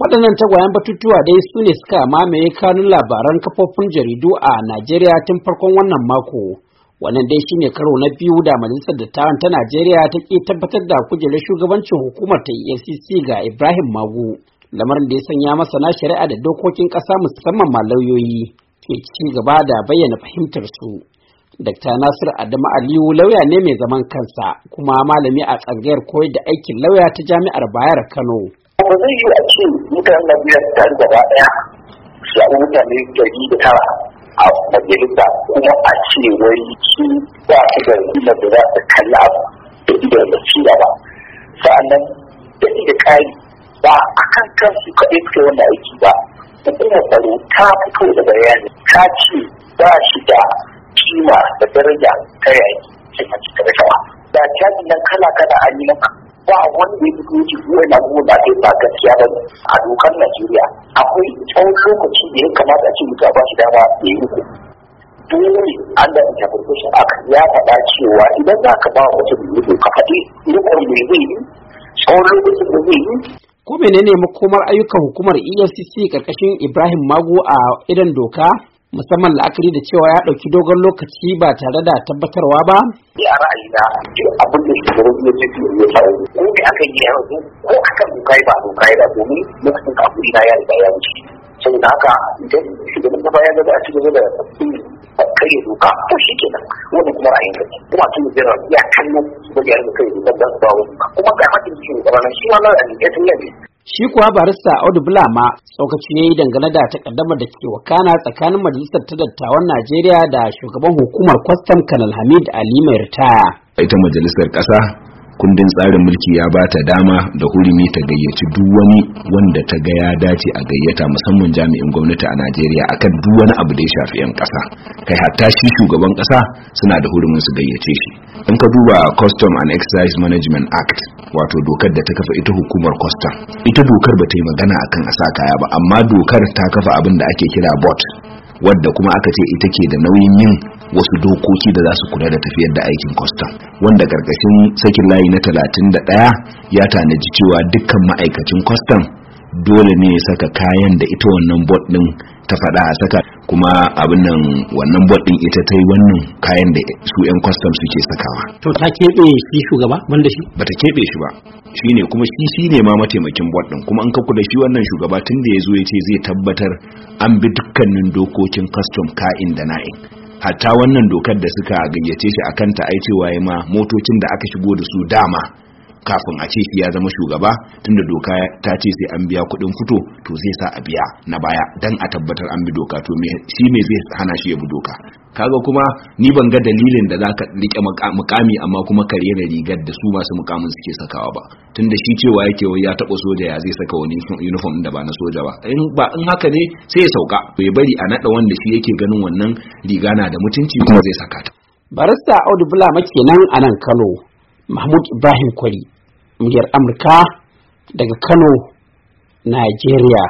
waɗannan tagwayen batutuwa dai su ne suka mamaye kanun labaran kafofin jaridu a najeriya tun farkon wannan mako wannan dai shine karo na biyu da majalisar dattawan ta najeriya ta ke tabbatar da kujerar shugabancin hukumar ta efcc ga ibrahim magu lamarin da ya sanya masana shari'a da dokokin ƙasa musamman ma lauyoyi ke ci gaba da bayyana fahimtar su Dr. Nasir Adamu Aliyu lauya ne mai zaman kansa kuma malami a tsangayar koyar da aikin lauya ta jami'ar Bayar Kano. ba zai yi a ce mutanen Najeriya tare da gaba ɗaya su zaɓi mutane gari da tara a majalisa kuma a ce wai su ba su da rikina da za su kalli abu da idon da ba sa'annan da da ƙari ba a kan kansu kaɗai suke wanda aiki ba hukumar tsaro ta fito da bayani ta ce ba shi da kima da daraja ta yaki sai mace ta Ba da cajin nan kala kala an yi maka ba wanda ya fito yake wani na kuma ba kai ba gaskiya ba ne a dokar Najeriya akwai tsawon lokaci da ya kamata a ce mutu ba shi dama ya yi uku dole under interpretation act ya faɗa cewa idan za ka ba biyu ko ka faɗi rikon me zai yi tsawon lokacin da zai yi ko menene makomar ayyukan hukumar EFCC karkashin Ibrahim Mago a idan doka musamman la'akari da cewa ya ɗauki dogon lokaci ba tare da tabbatarwa ba? Ya ra'ayi na abin da shugaban ya ce ya faru ko me aka yi yanzu ko akan dokai ba dokai da domin lokacin abu na ya riga ya wuce. Sai da haka idan shugaban na baya da a cikin da karya doka ko shi ke kenan wani kuma ra'ayin ka kuma tun jira ya kallo da ya riga kai da ba kuma ga hakin shi da ranar shi ma na ya tun Shi kuwa barista Audu Bulama tsokaci ne yi dangane da takaddamar da ke wakana tsakanin majalisar ta dattawan Najeriya da shugaban hukumar kwastam Kanal Hamid Ali mai ritaya. Ita majalisar ƙasa kundin tsarin mulki ya ba ta dama da hurumi ta gayyaci duk wani wanda ta ga ya dace a gayyata musamman jami'in gwamnati a Najeriya akan duk wani abu da ya shafi 'yan kasa. kai hatta shi shugaban kasa suna da hurumin su gayyace shi in ka duba custom and excise management act wato dokar da ta kafa ita hukumar custom ita dokar ba ta yi magana akan asa kaya ba amma dokar ta kafa abin da ake kira bot wadda kuma aka ce ita ke da nauyin yin wasu dokoki da za su kula da tafiyar da aikin kwastam wanda karkashin sakin layi na 31 ya tanaji cewa dukkan ma'aikacin kwastam dole ne saka kayan da ita wannan bot din ta faɗa a saka kuma abin nan wannan bot din ita ta yi wannan kayan da su 'yan kwastam suke sakawa to ta keɓe shi shugaba banda shi ba ta keɓe shi ba shi ne kuma shi shi ne ma mataimakin bot din kuma an ka da shi wannan shugaba tun da ya zo ya ce zai tabbatar an bi dukkanin dokokin kwastam ka'in da na'in hatta wannan dokar da suka gayyace shi akan ta ai cewa ya ma motocin da aka shigo da su dama kafin a ce shi ya zama shugaba tunda doka ta ce sai an biya kuɗin fito to zai sa a biya na baya dan a tabbatar an bi doka to me shi me zai hana shi ya bi doka kaga kuma ni ban ga dalilin da zaka rike mukami amma kuma ka rena rigar da su masu mukamin suke sakawa ba tunda shi cewa yake wai ya taba soja ya zai saka wani uniform da ba na soja ba in ba in haka ne sai ya sauka ya bari a nada wanda shi yake ganin wannan riga na da mutunci kuma zai saka ta barista Audu Bulama kenan a nan Kano Mahmud Ibrahim Kwari mujar Amurka daga Kano Nigeria